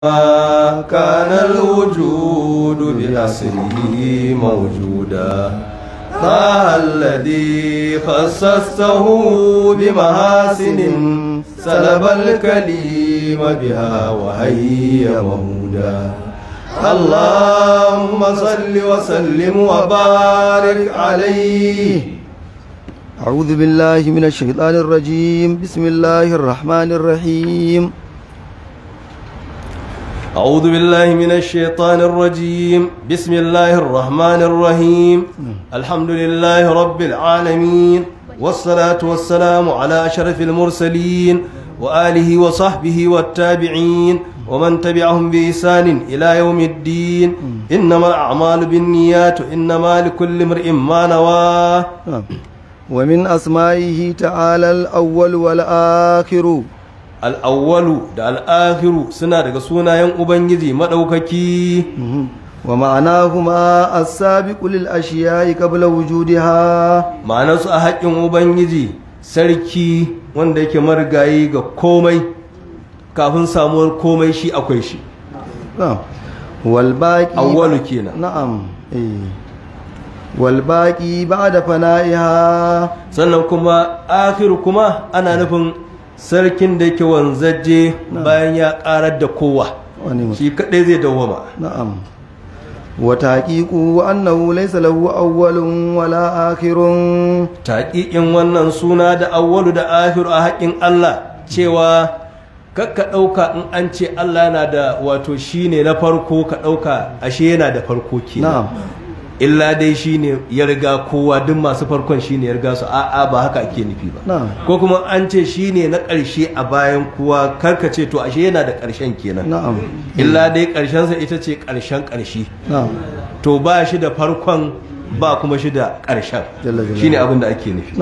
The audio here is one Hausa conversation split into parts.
كان الوجود بأصله موجودا ما الذي خصصته بمحاسن سلب الكليم بها وهي مهودا اللهم صل وسلم وبارك عليه أعوذ بالله من الشيطان الرجيم بسم الله الرحمن الرحيم أعوذ بالله من الشيطان الرجيم بسم الله الرحمن الرحيم نعم. الحمد لله رب العالمين والصلاة والسلام على أشرف المرسلين وآله وصحبه والتابعين ومن تبعهم بإحسان إلى يوم الدين نعم. إنما الأعمال بالنيات إنما لكل امرئ ما نواه نعم. ومن أسمائه تعالى الأول والآخر al'awwalu da al'ahiru suna daga sunayen ubangiji maɗaukaki mhm. wa ma'ana kuma a sabi kulil ashiya yi kabila wujudi ha su a haƙƙin ubangiji sarki wanda yake marigayi ga komai kafin samuwar komai shi akwai shi walbaƙi awwalu kenan na'am eh. walbaƙi ba da fana'iha sannan kuma akhiru kuma ana nufin sarkin da yake wanzaje bayan ya karar da kowa shi kadai zai dawwama na'am wa taqiqu annahu laysa lahu awwalun wala akhirun taqiqin wannan suna da awwalu da akhiru a haƙin Allah cewa kakka ɗauka in an ce Allah yana da wato shine na farko ka ɗauka ashe yana da farko kenan na'am illa dai shine ya riga kowa duk masu farkon shine ya riga su a'a ba haka ake nufi ba ko kuma an ce shine na ƙarshe a bayan kowa karka ce to ashe yana da ƙarshen kenan illa dai sa ita ce ƙarshen ƙarshe to ba shi da farkon ba kuma shi da ƙarshen shine abin da ake nufi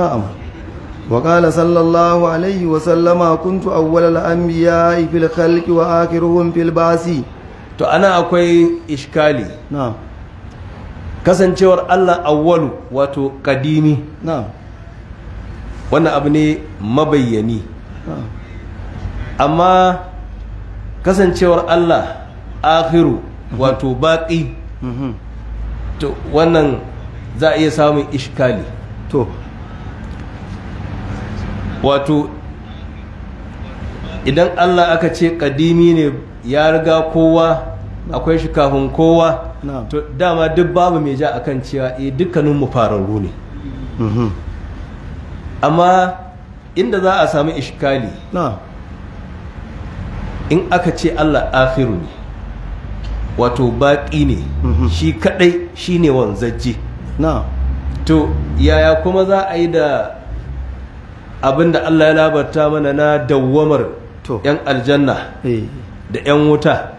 وقال صلى الله عليه وسلم كنت أول الأنبياء في الخلق وآخرهم في basi. to ana akwai iskali kasancewar Allah awwalu wato kadimi wannan abu ne mabayyani amma kasancewar Allah akhiru mhm. wato baƙi mhm. to wannan za a iya samun ishkali to wato idan Allah aka ce kadimi ne ya riga kowa akwai shi kafin kowa to dama duk babu mai ja akan cewa e eh, dukkanin mu fararru ne mm-hmm. amma inda za a samu ishkali in aka ce Allah akhiru ne wato baƙi ne mm-hmm. shi kadai shine wanzajje to yaya kuma za a yi da abinda Allah ya labarta mana na dawwamar 'yan aljanna eh. da 'yan wuta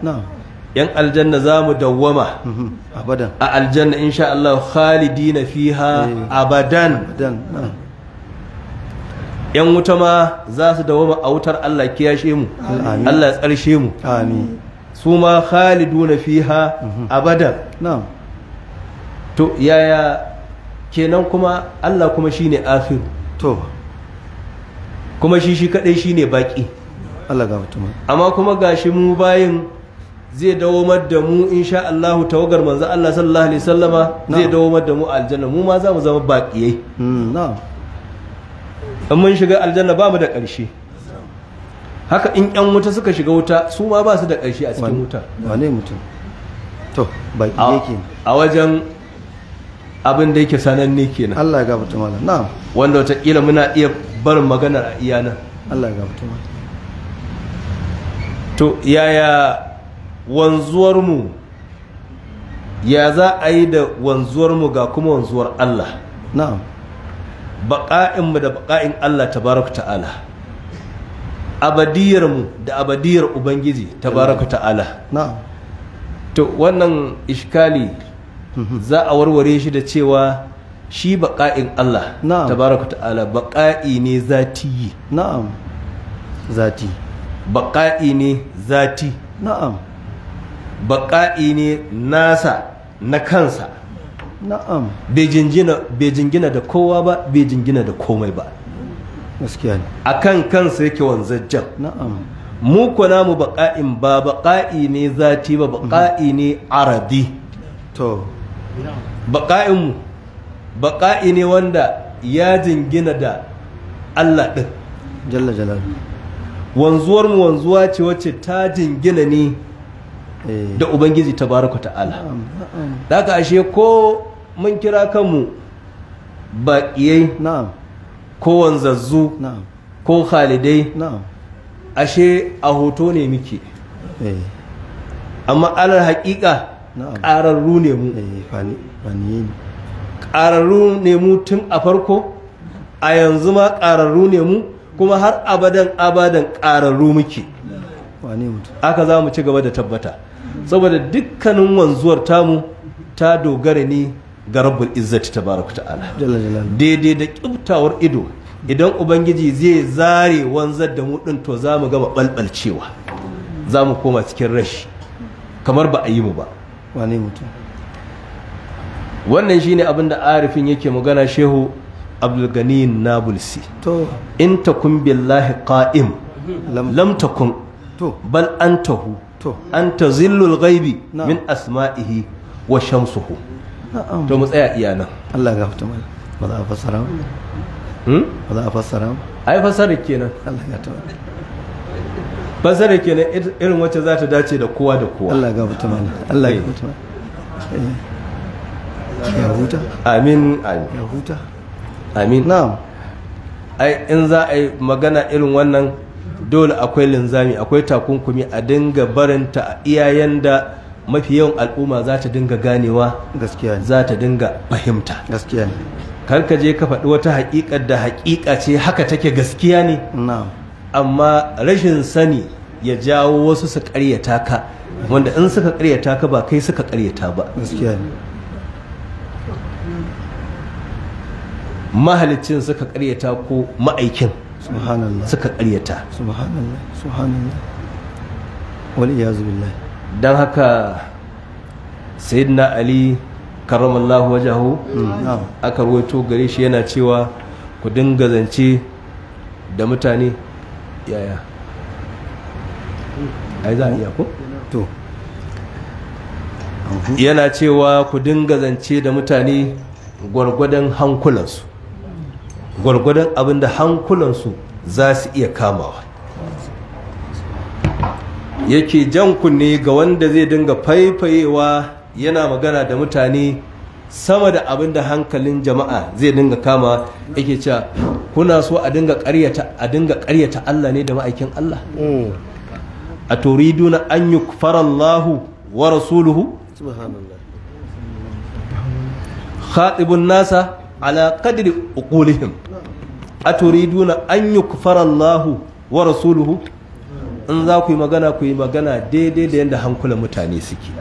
yan aljanna za mu dawwama mhm. abadan a aljanna insha Allah khalidina fiha eh. abadan yan wuta ma za su dawwama a wutar Allah kiyashe mu Allah ya tsarshe mu amin su ma khaliduna fiha mhm. abadan na'am to yaya kenan kuma Allah kuma shine akhir to kuma shi shi kadai shine baki Allah ga mutum amma kuma gashi mu bayin zai dawomar da mu insha Allah tawagar manzo Allah sallallahu alaihi wasallama zai dawomar da mu aljanna mu ma za mu zama baƙiye hmm, in mun shiga aljanna ba mu da ƙarshe haka in ƴan wuta suka shiga wuta su ma ba su da ƙarshe a cikin wuta wane mutum to baƙiye ke a wajen abin da yake sananne kenan Allah ya mutum Allah na'am wanda wata kila muna iya barin maganar a iyana Allah ya gafarta to yaya wanzuwarmu ya za a yi da wanzuwarmu ga kuma wanzuwar Allah na'am baƙa'inmu da baƙa'in Allah tabaraka ta'ala abadiyarmu da abadiyar ubangiji tabaraka ta'ala na'am to wannan ishkali mhm. za a warware shi da cewa shi baƙa'in Allah tabaraka ta'ala baƙa'i ne zati na'am zati baƙa'i ne zati na'am baƙa'i ne nasa na kansa na'am bai jingina da kowa ba bai jingina da komai ba a kan kansa yake wanzajjan jan mu ko namu baƙa'in ba baƙa'i ne zati ba baƙa'i ne aradi to baƙa'in mu baƙa'i ne wanda ya jingina da Allah din jalla jalla wanzuwar mu wanzuwa ce wacce ta jingina ne da ubangiji tabaraka ta'ala daga ashe ko mun kira kanmu baƙiyai ko wanzazzu ko khalidai ashe a hoto ne muke eh. amma alar haƙiƙa ƙararru ne mu eh, ƙararru ne mu tun a farko a yanzu ma ƙararru ne mu kuma har abadan abadan ƙararru muke aka za mu ci gaba da tabbata saboda dukkanin wanzuwar tamu ta dogara ne ga rabbul izzati tabaraka ta'ala daidai da kibtawar ido idan ubangiji zai zare wanzar da mu din to zamu mu gama balbalcewa za mu koma cikin rashi kamar ba a yi mu ba wane mutum wannan shine abin da arifin yake magana shehu abdulgani nabulsi to in takun billahi qa'im lam takun bal antahu an ta zillul gaibi min asma'ihi wa shamsuhu to mu tsaya iya nan Allah ga hutu mana ba za a fassara ba hmm? ba za a fassara mu ai fassara kenan Allah ga ta fassara kenan irin wacce za ta dace da kowa da kowa Allah ga hutu mana Allah ga hutu mana eh. ya huta amin amin ya huta amin na'am ai in za a yi magana irin wannan dole akwai linzami akwai takunkumi a dinga barinta a iyayen da mafi yawan al'umma za ta dinga ganewa za ta dinga fahimta gaskiya kar je ka faɗi wata haƙiƙar da haƙiƙa ce haka take gaskiya ne amma rashin sani ya jawo wasu su ƙaryata ka wanda in suka ƙaryata ka ba kai suka ƙaryata ba gaskiya ne mahalicin suka ƙaryata ko ma'aikin suka karyata don haka sayyidina ali karramallahu wajahu aka ruwaito gare shi yana cewa ku dinga zance da mutane yaya ai za a iya ko to yana cewa ku dinga zance da mutane gwargwadon hankulansu gwargwadon abin da hankulansu za su iya kamawa yake jan kunne ga wanda zai dinga faifayewa yana magana da mutane sama da abin da hankalin jama'a zai dinga kama yake cewa kuna so a dinga karyata a dinga karyata Allah ne da ma'aikin Allah hmm. a turiduna an yukfara Allahu wa rasuluhu nasa ala qadri uqulihim aturiduna an yukfara Allah wa rasuluhu in za ku yi magana ku yi magana daidai da yadda hankula mutane suke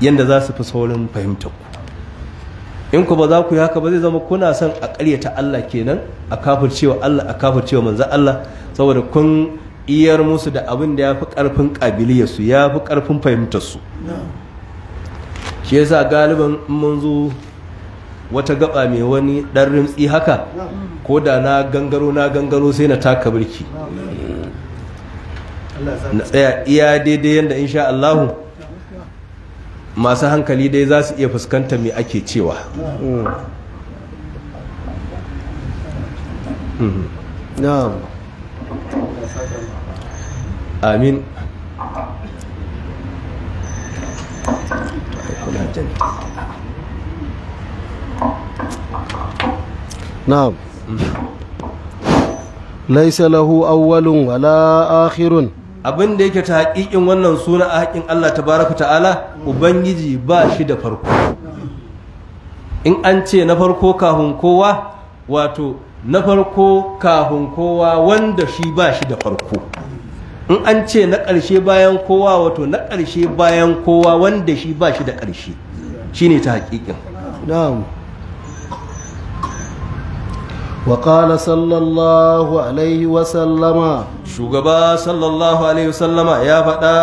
yadda za su fi saurin fahimta ku in ku ba za ku yi haka ba zai zama kuna son a ƙaryata Allah kenan a kafircewa Allah a kafircewa manzo Allah saboda kun iyar musu da abin da ya fi ƙarfin ƙabiliyarsu ya fi ƙarfin fahimtarsu shi yasa galiban mun zo wata gaba mai wani dan rimtsi haka ko da na gangaro na gangaro sai na taka birki na tsaya iya daidai yadda insha Allahu masu hankali dai za su iya fuskanta mai ake cewa amin na'am laisa lahu awwalun wala akhirun abin da yake ta hakikin wannan suna a hakin Allah tabaraka ta'ala ubangiji ba shi da farko in an ce na farko kahun kowa wato na farko kahun kowa wanda shi ba shi da farko in an ce na ƙarshe bayan kowa wato na ƙarshe bayan kowa wanda shi ba shi da ƙarshe shine ta hakikin na'am وقال صلى الله عليه وسلم شغبا صلى الله عليه وسلم يا فدا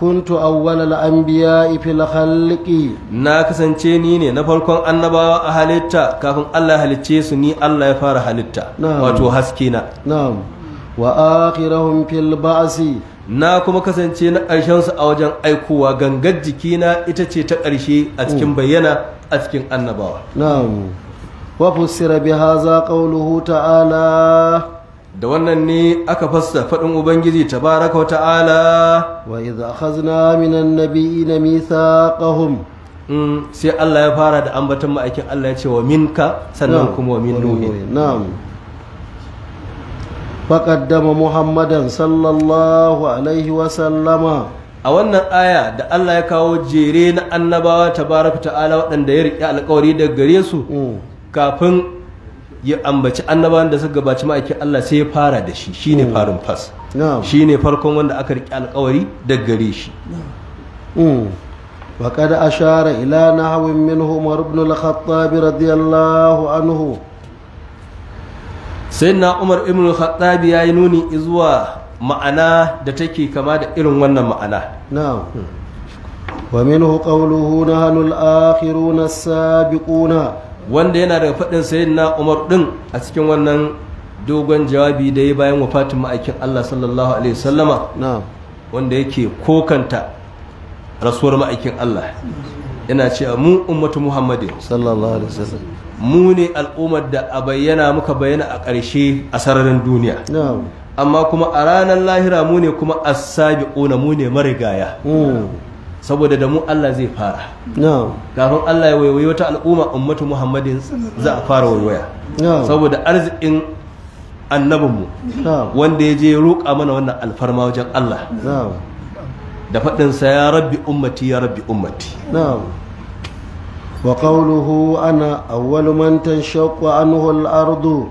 كنت اول الانبياء في الخلق نا kasance ni ne na farkon annabawa a halitta kafin Allah halicce su ni Allah ya fara halitta wato haske na na'am wa akhirahum fil ba'si na kuma kasance na ƙarshen a wajen aikowa gangar jikina ita ce ta ƙarshe a cikin mm. bayyana a cikin annabawa na'am wa fassara bi hadha qawluhu ta'ala da wannan ne aka fassa faɗin ubangiji tabaraka ta'ala wa idh akhadna minan nabiyina mithaqahum mm sai Allah ya fara da ambaton ma'aikin Allah ya ce wa minka sannan kuma wa min nuhi na'am faqaddama muhammadan sallallahu alaihi wa sallama a wannan aya da Allah ya kawo jere na annabawa tabaraka ta'ala waɗanda ya riƙe alƙawari daga gare su mm. kafin ya ambaci annabawan da suka gabaci ma'aikin Allah sai ya fara da shi ne mm. farin fas ne farkon wanda aka riƙe alƙawari daga gare shi na أشار mm. minhu نحو منه عمر radiyallahu anhu. Sai na Umar سيدنا عمر بن الخطاب يا ينوني إزوا ma'ana da take kama da irin wannan ma'ana mm. wa minhu qawluhu nahnu al na as-sabiquna wanda yana daga faɗin sayyidina Umar din a cikin wannan dogon jawabi da ya bayan wafatin ma'aikin Allah sallallahu alaihi wasallama wanda yake kokanta rasuwar ma'aikin Allah yana a mu ummatu Muhammadu, sallallahu alaihi mu ne al'ummar da a bayyana muka bayyana a ƙarshe a sararin duniya amma kuma a ranar lahira mu ne kuma as-sabiquna mu ne marigaya mm. saboda da mu Allah zai fara kafin Allah ya waiwayi wata al'umma ummatu Muhammadin za a fara waiwaya saboda arzikin annabinmu wanda ya je roƙa mana wannan alfarma wajen Allah da faɗinsa ya rabbi ummati ya rabbi ummati wa qawluhu ana awwalu man tanshaqqa anhu al-ardu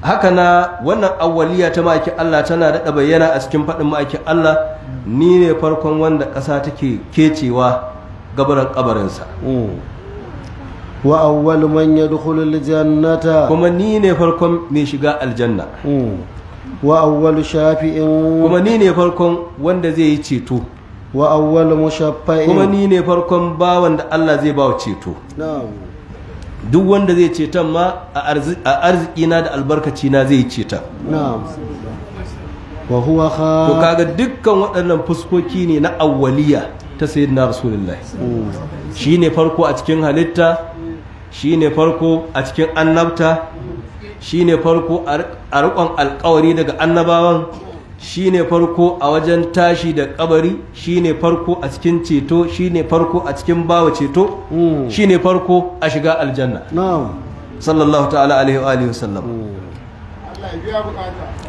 haka na wannan awwaliya ta ma'aikin Allah tana daɗa bayyana a cikin faɗin ma'aikin Allah ni ne farkon wanda ƙasa take kecewa gabaran ƙabarinsa. Mm. wa awwal man yadkhulu aljannata kuma ni ne farkon mai shiga aljanna mm. wa awwal shafi'in kuma ni ne farkon wanda zai yi ceto wa awwal mushaffa'in kuma ni ne farkon bawan da Allah zai ba ceto duk wanda zai ceton ma a arziki na da albarkaci na zai ceta na'am to kaga dukkan waɗannan fuskoki ne na awwaliya ta sayyidina rasulullahi shine farko a cikin halitta shine farko a cikin annabta shine farko a riƙon alƙawari daga annabawan shine farko a wajen tashi da kabari shine farko a cikin ceto shine farko a cikin bawa ceto mm. shine farko a shiga aljanna sallallahu ta'ala alaihi wa sallam mm.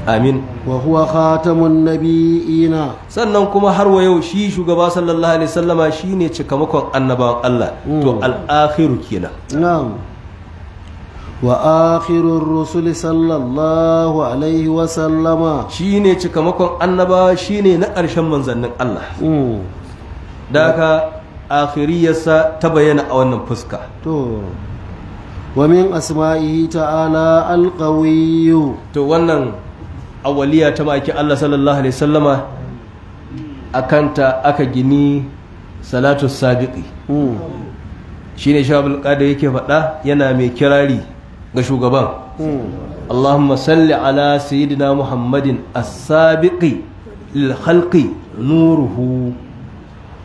amin wa huwa khatamun nabiyina sannan kuma har wa yau shi shugaba sallallahu alaihi wasallama shine cikamakon annabawan Allah to hmm. al-akhiru kenan na'am wa akhirur rusul sallallahu alaihi wasallama shine cikamakon annaba shine na ƙarshen manzannin Allah hmm. da haka akhiriyarsa ta bayyana a wannan fuska to wa min asma'ihi ta'ala alqawiyyu to wannan awaliya ta maki Allah sallallahu alaihi sallama akanta aka gini salatu sabiqi hmm. shine shabul qadir yake faɗa yana mai kirari ga shugaban hmm. Allahumma salli ala sayyidina Muhammadin as-sabiqi lil khalqi nuruhu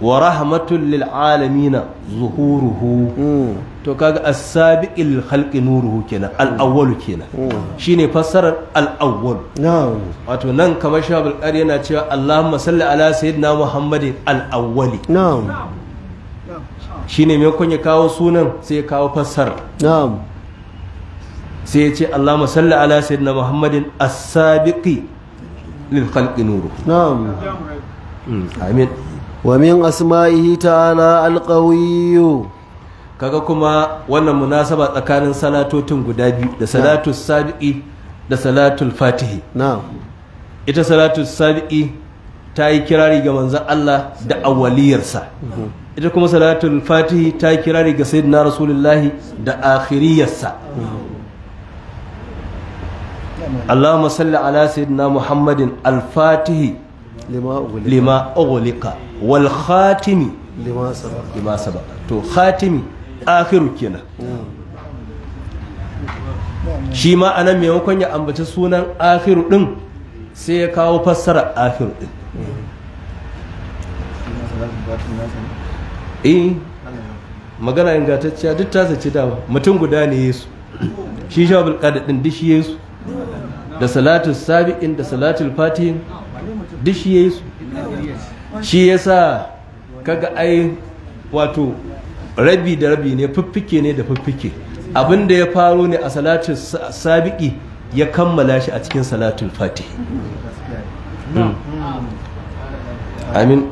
wa rahmatul lil alamin zuhuruhu hmm. to kaga as-sabiqil khalqi nuruhu kenan al-awwal kenan hmm. Hmm. shine fassarar al-awwal wato nan kamar shabul qari yana cewa Allahumma salli ala sayyidina Muhammadin al-awwali na'am shine me kun ya kawo sunan sai ya kawo fassara na'am sai ya ce Allahumma salli ala sayyidina Muhammadin as-sabiqi lil khalqi nuruhu na'am amin wa min asma'ihi ta'ala alqawiyyu kaga kuma wannan munasaba tsakanin salatotin guda biyu da salatu sabi'i da salatul fatihi ita salatu sabi'i ta yi kirari ga manzon Allah da awwaliyarsa mhm. ita kuma salatul fatihi ta yi kirari ga sayyidina rasulullahi da akhiriyarsa Allahumma salli ala sayyidina Muhammadin al-fatihi lima ogolika wal khatimi lima to khatimi akhiru kenan hmm. shi ma anan maimakon ya ambaci sunan akhiru din sai ya kawo fassara akhiru din eh magana ingantacciya duk ta sace da mutum guda ne yesu shi shabul qadad din shi yesu da salatul sabi'in da salatul fatihin duk shi ya yi su shi ya sa kaga ai wato rabi da rabi ne fiffike ne da fiffike abin da ya faro ne a salatin sabiki ya kammala shi a cikin salatul fati. Hmm. amin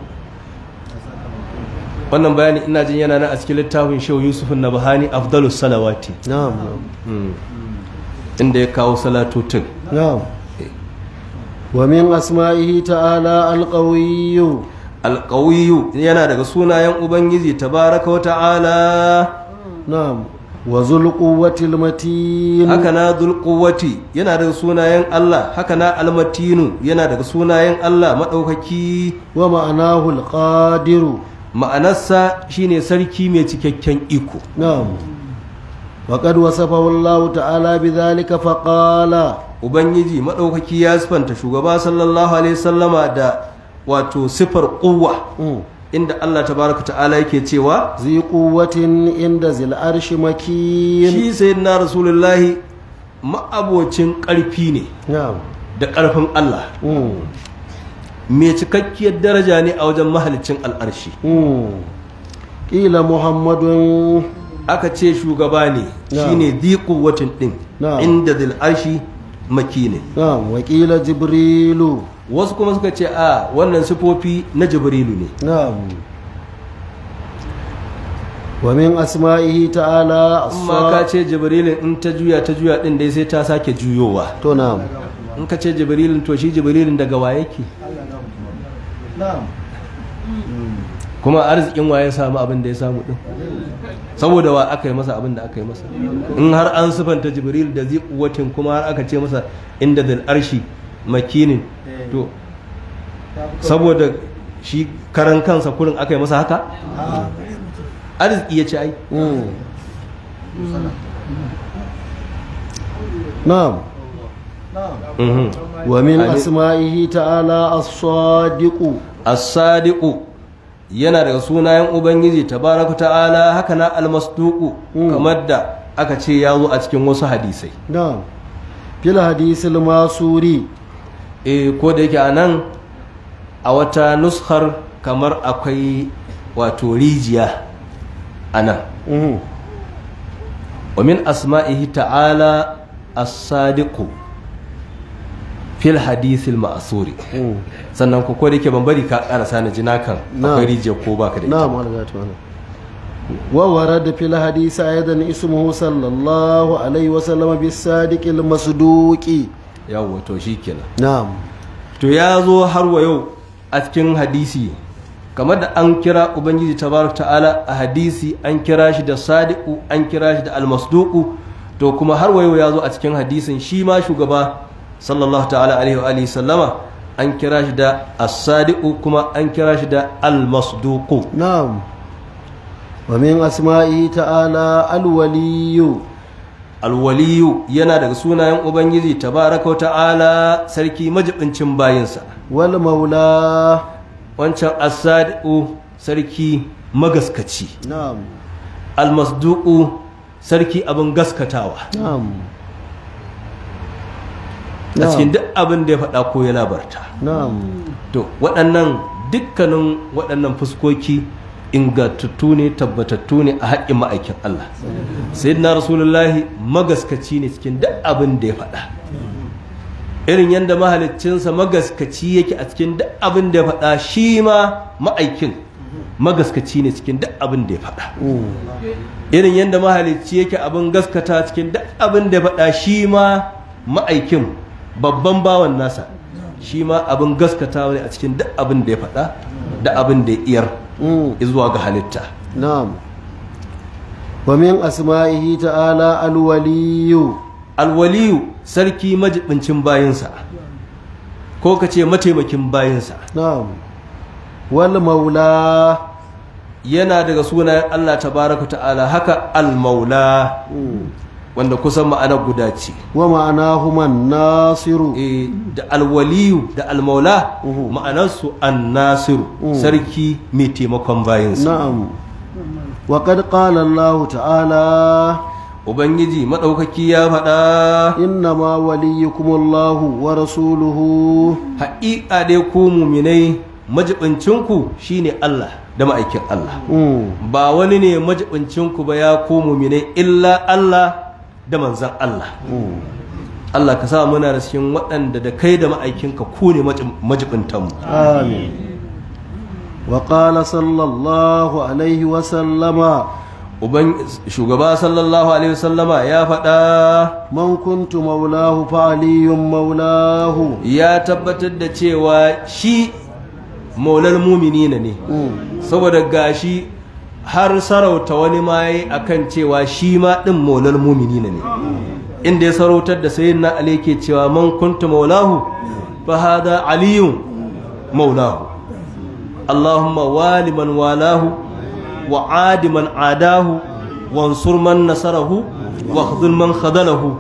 wannan bayani ina jin yana nan a cikin littafin shehu yusuf na bahani afdalus salawati hmm. inda ya kawo salatotin ومن أسمائه تعالى القوي القوي ينا دغ سنايان ubangiji tabaraka wa ta'ala na'am wa zul quwwati haka na zul quwwati yana daga sunayen Allah haka na almatinu yana daga sunayen Allah maɗaukaki. wa ma'anahu alqadiru ma'anarsa shine sarki mai cikakken iko na'am wa qad wasafahu Allah ta'ala bi dhalika faqala ubangiji maɗaukaki ya sifanta shugaba sallallahu alaihi sallama da wato sifar ƙuwa mm. inda Allah Ta tabaraka ta'ala yake cewa zai kuwatin inda zil arshi makin shi sayyidina rasulullahi ma'abocin ƙarfi ne da ƙarfin Allah mm. mai cikakkiyar daraja ne a wajen mahalicin al'arshi ƙila mm. muhammadun aka ce shugaba ne shine ne ɗin. din inda zil maki ne wakila jibrilu wasu kuma suka ce a wannan sifofi na jibrilu ne na'am wa min asma'ihi ta'ala amma ka ce jibrilin in ta juya ta juya din dai sai ta sake juyowa to na'am in ka ce jibrilin to shi jibrilin daga waye ke na'am kuma arzikin waye samu abin da ya samu din saboda wa aka yi masa abin da aka yi masa in har an sifanta jibril da zai kuwatin kuma har aka ce masa inda zal arshi makinin to saboda shi karan kansa kurin aka yi masa haka arziki ya ci ai na'am mhm. wa min asma'ihi ta'ala as-sadiqu yana daga sunayen ubangiji tabaraka ta'ala haka na almastuku hmm. kamar da aka ce ya zo a cikin wasu hadisai na'am fil masuri eh ko da yake anan a wata nuskar kamar akwai wato rijiya anan hmm. wa min asma'ihi ta'ala as-sadiqu fil hadisil ma'asuri hmm. sannan ku ko dake yake ban bari ka karasa na jina kan akwai rijiya ko baka da ita na'am algatu wala wa warada fil hadisi aidan ismuhu sallallahu alaihi wa sallam bis al masduqi yawa to shikenan na'am to ya zo har wa yau a cikin hadisi kamar da an kira ubangiji tabaraka ta'ala a hadisi an kira shi da sadiqu an kira shi da masduqu to kuma har wa yau ya zo a cikin hadisin shi ma shugaba sallallahu ta'ala alaihi wa alihi sallama an kira shi da as-sadiqu kuma an kira shi da al-masduqu na'am wa min asma'i ta'ala al-waliyyu al-waliyyu yana daga sunayen ubangiji tabaaraka wa ta'ala sarki majibincin bayinsa wal maula wancan as-sadiqu sarki magaskaci na'am al-masduqu sarki abin gaskatawa na'am a cikin duk abin da ya faɗa ko ya labarta to waɗannan dukkanin waɗannan fuskoki ingantattu ne tabbatattu ne a haƙƙin ma'aikin Allah sayyidina rasulullahi magaskaci ne cikin duk abin da ya faɗa irin yadda mahaliccinsa magaskaci yake a cikin duk abin da ya faɗa shi ma ma'aikin magaskaci ne cikin duk abin da ya faɗa mm. irin yadda mahalicci yake abin gaskata cikin duk abin da ya faɗa shi ma ma'aikin babban bawan nasa shi ma abin gaskata ne a cikin duk abin da ya faɗa da abin da ya iyar hmm. zuwa ga halitta na'am wa min asma'ihi ta'ala alwaliyu alwaliyu sarki majibincin bayansa, ko ka ce mataimakin bayinsa na'am maula yana daga sunayen Allah tabaraka ta'ala haka al maula hmm. wanda kusan ma'ana guda ce wa ma'ana huma nasiru eh, da alwaliyu da almaula ma'anarsu Nasiru. sarki mai taimakon bayansa na'am wa qad qala Allah ta'ala ubangiji madaukaki ya faɗa inna ma waliyukum Allah wa rasuluhu haƙiƙa dai ku muminai majibincinku shine Allah da ma'aikin Allah ba wani ne ku ba ya ku muminai illa Allah da manzan Allah Allah ka sa muna da cikin waɗanda da kai da ma'aikinka ku ne majibintanmu amin wa qala sallallahu alaihi wa sallama uban shugaba sallallahu alaihi wasallama ya faɗa man kuntu maulahu fa aliyun maulahu ya tabbatar da cewa shi maular muminina ne mm. saboda gashi har sarauta wani ma yayi akan cewa shi ma din maulal mu'minina ne inda ya sarautar da sayyidina ali ke cewa man kuntu maulahu fa hada aliyun maulahu allahumma wali man walahu wa adi man adahu wansur man nasarahu wa khudhul man khadalahu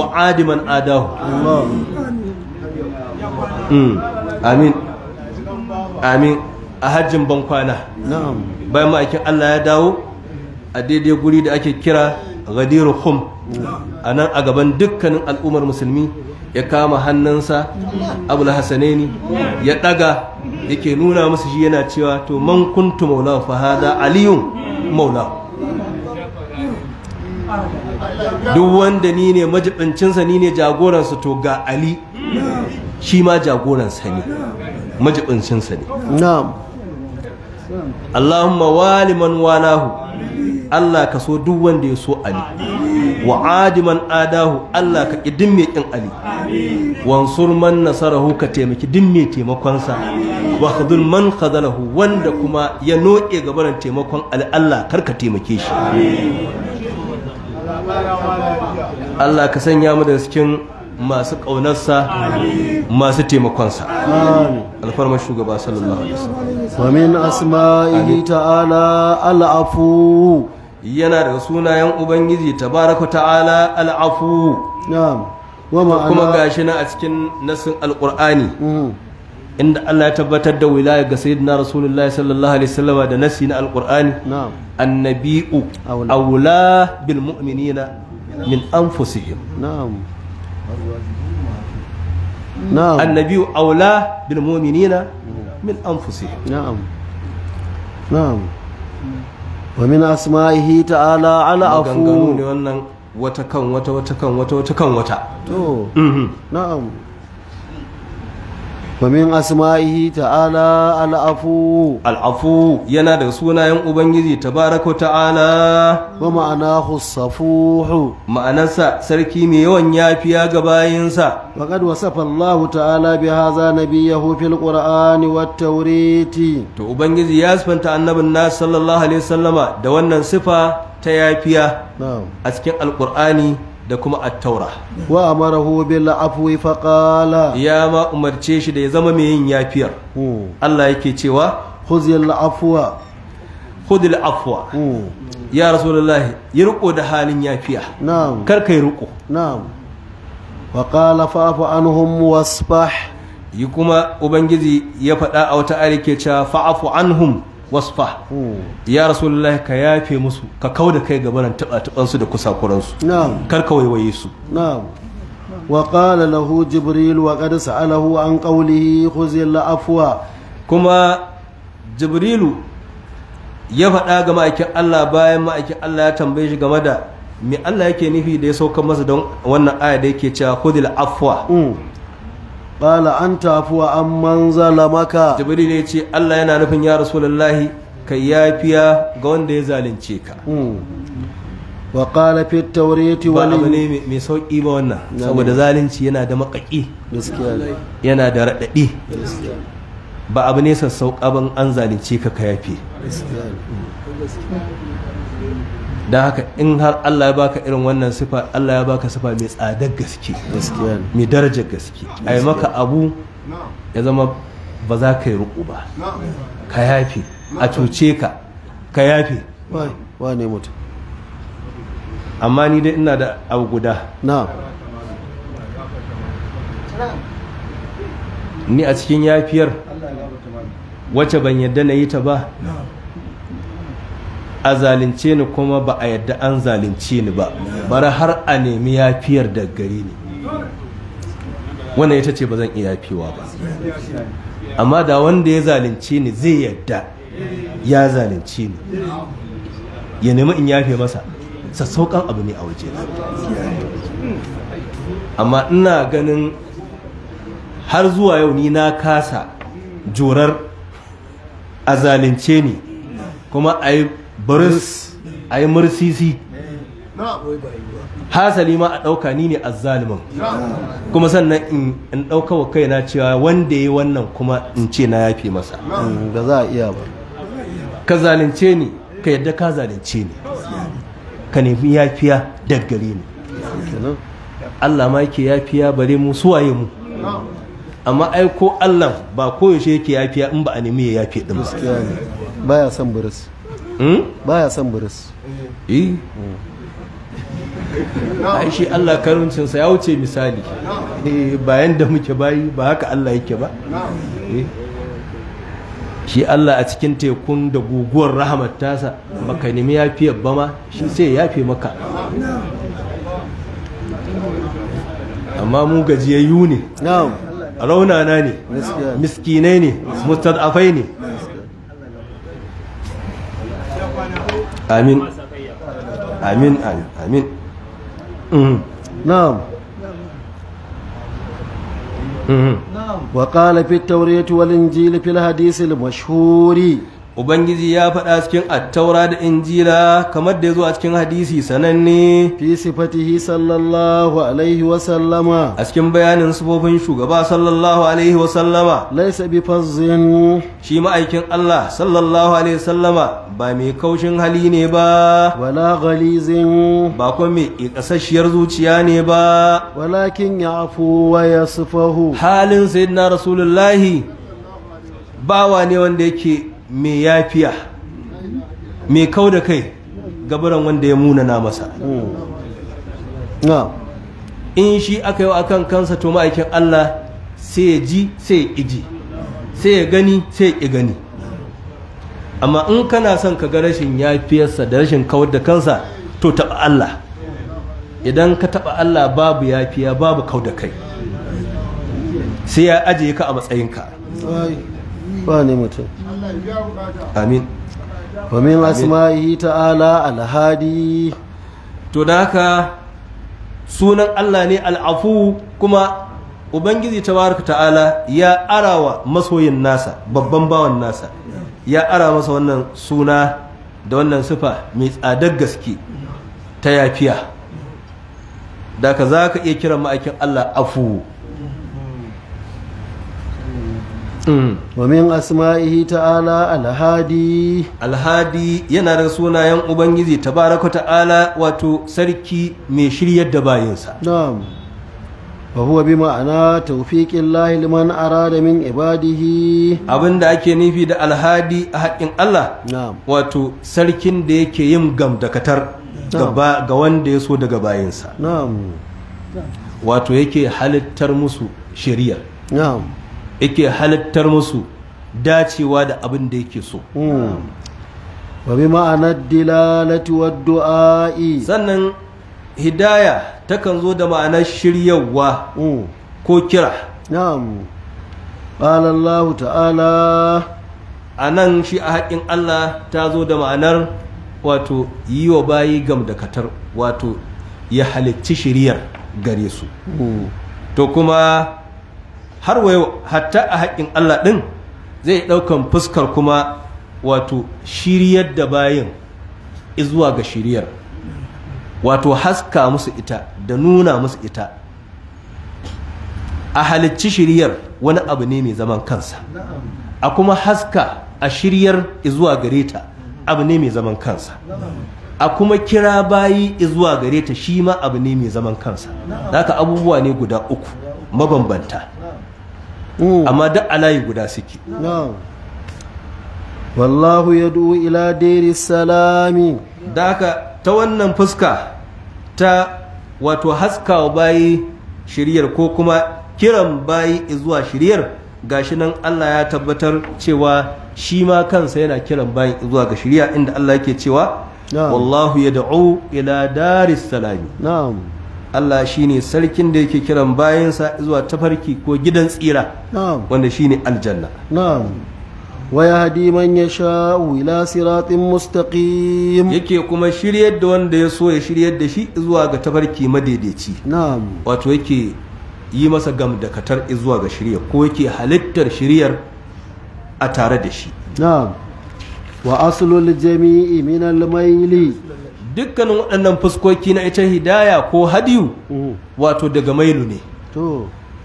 wa adi man adahu hmm. amin amin a hajjin ban kwana bayan ma'aikin Allah ya dawo a daidai guri da ake kira gadiru khum a nan a gaban dukkanin al'ummar musulmi ya kama hannunsa abu hasaneni ya daga yake nuna musu shi yana cewa to man kuntu maula fa hada aliyun maula duk wanda ni ne majibincinsa ni ne jagoransa to ga ali shi ma jagoransa ne majibincinsa ne Allahumma wali man walahu Allah ka so duk wanda ya so Ali wa adiman adahu Allah ka ƙi mai ƙin Ali wansur man nasarahu ka taimaki duk mai taimakonsa wa man khadalahu wanda kuma ya noke gabanin taimakon Ali Allah kar ka taimake shi Allah ka sanya mu da cikin masu ƙaunarsa masu taimakonsa alfarmar shugaba sallallahu alaihi wasallam wa min asma'ihi ta'ala al'afu yana daga sunayen ubangiji tabaraka ta'ala al'afu na'am kuma gashi na a cikin nasin alqur'ani mm. inda Allah ya tabbatar da wilaya ga sayyidina rasulullahi sallallahu alaihi wasallam da nasi na alqur'ani annabi'u awla bil mu'minina min anfusihim na'am na'am annabi aula bil mu'minina min anfusihim na'am ta'ala ala afu ne wannan wata kan wata wata kan wata wata kan wata to na'am ومن أسمائه ta'ala العفو العفو ينا دغ سنايان ubangiji tabaraka ta'ala wa ma'anahu safuhu ma'anarsa sarki mai yawan yafiya ga bayansa. faqad wasafa Allah ta'ala bi hadha nabiyahu fil qur'ani wat tawriti to ubangiji ya sifanta annabin nas sallallahu alaihi wasallama da wannan sifa ta yafiya a cikin alqur'ani da kuma attaura wa amarahu bil afwi fa qala ya ma umarce shi da ya zama mai yin yafiyar Allah yake cewa khuzil afwa khudil afwa ya rasulullahi yi riko da halin yafiya na'am kar kai riko na'am wa qala fa'fu anhum wasfah yi kuma ubangiji ya faɗa a wata ayar ke cewa fa'fu anhum wasfa hmm. ya rasulullahi ka yafe musu ka kau da kai gabaran taɓa-taɓansu da kusakuransu kar ka waiwaye su wa qala lahu jibril wa qad sa'alahu an qawlihi khuzil afwa kuma jibrilu ya faɗa ga ma'aikin Allah bayan ma'aikin Allah ya tambaye shi game da me Allah yake nufi da ya sauka masa don wannan aya da yake cewa khudil afwa hmm. qala an wa an manzala maka jibril ya ce Allah yana nufin ya rasulullahi ka yafiya ga wanda ya zalunce ka hmm. wa qala fi tawriti wa ba ne mai sauki ba wannan saboda zalunci yana da makaki yana da radadi ba abu ne sassauƙa ban an zalunce ka ka yafi don haka in har Allah ya baka irin wannan sifa Allah ya baka sifa mai tsadar gaske mai darajar gaske a yi maka abu ya zama ba za ka yi ruku ba ka yafe a cuce ka ka yafe ne mutum amma ni dai ina da abu guda ni a cikin yafiyar wacce ban yadda na yi ta ba a zalunce ni kuma ba a yadda an zalunce ni ba bari har a nemi yafiyar da gari ne. wannan ita ce ba zan iya yafiwa ba amma da wanda ya zalunce ni zai yadda ya zalunce ni ya nemi in yafe masa sassauƙan abu ne a waje amma ina ganin har zuwa yau ni na kasa jurar a zalunce ni kuma a yi baris a yi mursisi hasali ma a ɗauka ni ne azzalimin kuma sannan in ɗauka wa kaina cewa wanda ya yi wannan kuma in ce na yafi masa da za a iya ba ka zalunce ni ka yadda ka zalunce ni ka nemi yafiya daggare ni Allah ma yake yafiya bare mu suwaye mu amma ai ko Allah ba koyaushe yake yafiya in ba a nemi ya yafi din ba baya son buris Hmm? baya son buris eh ai shi Allah sa ya wuce misali eh, bayan da muke bayi ba haka Allah yake ba eh. shi Allah a cikin tekun da guguwar rahamar tasa baka nemi yafi yabba ma shi sai ya fi maka amma mu gajiyayyu ne raunana ne miskinai ne mustad'afai ne amin amin amin mm-hmm. na'am na'am mm-hmm. wa qala fi at-tawriyah wal injil fi al-hadith mashhuri ubangiji ya faɗa cikin attaura da injila kamar da ya zo a cikin hadisi sananne fi sifatihi sallallahu alaihi wa sallama a cikin bayanin sufofin shugaba sallallahu alaihi wa sallama laisa bi fazzin shi ma'aikin Allah sallallahu alaihi wa sallama ba mai kaushin hali ne ba wala ghalizin ba kuma mai kasashiyar zuciya ne ba walakin ya'fu wa yasfahu halin sayyidina rasulullahi bawa ne wanda yake mai yafiya mai kau da kai gabaran wanda ya munana masa hmm. in shi aka yi akan kansa to ma'aikin Allah sai ya ji sai ya iji sai ya gani sai ya gani amma in kana son ka ga rashin yafiyarsa da rashin kawar da kansa to taɓa Allah idan ka taɓa Allah babu yafiya babu kau da kai sai ya ajiye ka a matsayinka ne mutum amin wa min asma'ihi ta'ala alhadi to da haka sunan Allah ne al'afu kuma ubangiji tabaraka ta'ala ya arawa masoyin nasa babban bawan nasa ya ara masa wannan suna da wannan sifa mai tsadar gaske ta yafiya da ka za ka iya kiran ma'aikin Allah afu Mm. min asma'ihi ta'ala alhadi alhadi yana da sunayen ubangiji tabaraka ta'ala wato sarki mai shiryar da bayinsa na'am wa huwa bi ma'ana tawfiqin lahi liman arada min ibadihi abinda ake nufi da alhadi a haƙin Allah wato sarkin da yake yin gamdakatar ga wanda ya so daga bayinsa wato yake halittar musu shari'a na'am yake halittar musu dacewa da abin da yake so hmm. wa bi ma'anar dilalati wa du'a'i sannan hidaya takan zo da ma'anar shiryawa hmm. ko kira na'am qala Allah ta'ala anan shi a haƙin Allah ta zo da ma'anar wato yi wa bayi gamdakatar wato ya halicci shiryar gare su hmm. to kuma har wayo hatta a haƙƙin Allah ɗin zai ɗaukan fuskar kuma wato shiryar da bayan izuwa ga shiryar wato haska musu ita da nuna musu ita a halicci shiryar wani abu ne mai zaman kansa a kuma haska a shiryar izuwa gare ta abu ne mai zaman kansa a kuma kira bayi izuwa gare ta shi ma abu ne mai zaman kansa haka abubuwa ne guda uku mabambanta amma duk alayi guda suke wallahu ya duhu ila dairi salami da aka ta wannan fuska ta wato haskawa bayi shiryar ko kuma kiran bayi zuwa shiryar gashi nan Allah ya tabbatar cewa shi ma kansa yana kiran bayan zuwa ga shirya inda Allah yake cewa wallahu ya da'u ila daris salami Allah shine sarkin da yake kiran bayansa zuwa tafarki ko gidan tsira wanda ne aljanna na'am wa yahdi man yasha'u ila siratin mustaqim yake kuma shiryar da wanda ya so ya shiryar da shi zuwa ga tafarki madaidaici na'am wato yake yi masa gam da katar zuwa ga shirya ko yake halittar shiryar a tare da shi na'am wa aslul jami'i min al-maili dukkanin waɗannan fuskoki na ita hidaya ko hadiyu mm. wato daga mailu ne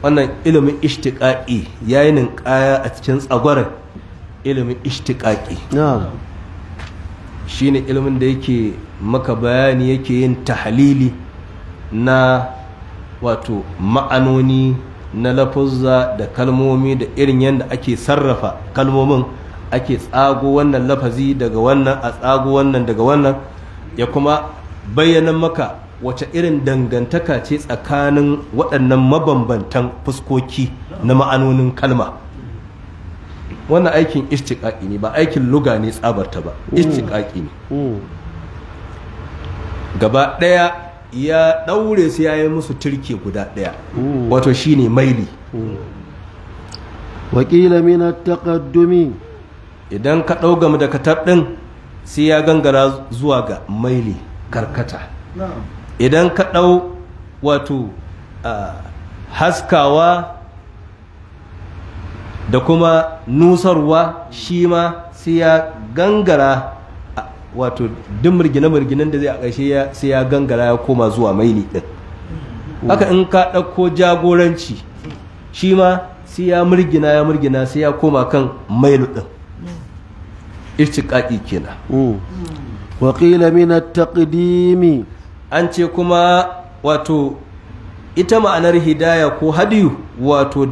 wannan ilimin ishtiƙaƙi yayi ƙaya a cikin tsagwar ilimin ishtiƙaƙi Shi ne ilimin da yake maka bayani yake yin tahalili na wato ma'anoni na lafuzza da kalmomi da irin yadda ake sarrafa kalmomin ake tsago wannan lafazi daga wannan a tsago wannan daga wannan ya kuma bayyana maka wace irin dangantaka ce tsakanin waɗannan mabambantan fuskoki na ma'anonin kalma wannan aikin ishtiƙaƙi ne ba aikin luga ne tsabarta ba mm. ishtiƙaƙi ne mm. gaba ɗaya ya ɗaure su ya yi musu turke guda ɗaya mm. wato shi ne maili wakila mina takaddumi. idan ka ɗau game da katab ɗin sai ya gangara zuwa ga maili karkata idan ka ɗau wato haskawa da kuma nusarwa shi ma sai ya gangara wato duk mirgine-mirginen da zai a ƙarshe sai ya gangara ya koma zuwa maili ɗin haka in ka ɗauko jagoranci shi ma sai ya mirgina ya mirgina sai ya koma kan mailu ɗin ishtiqaqi kenan hmm. Hmm. wa qila min taqdimi an ce kuma wato ita ma'anar hidaya ko hadiyu wato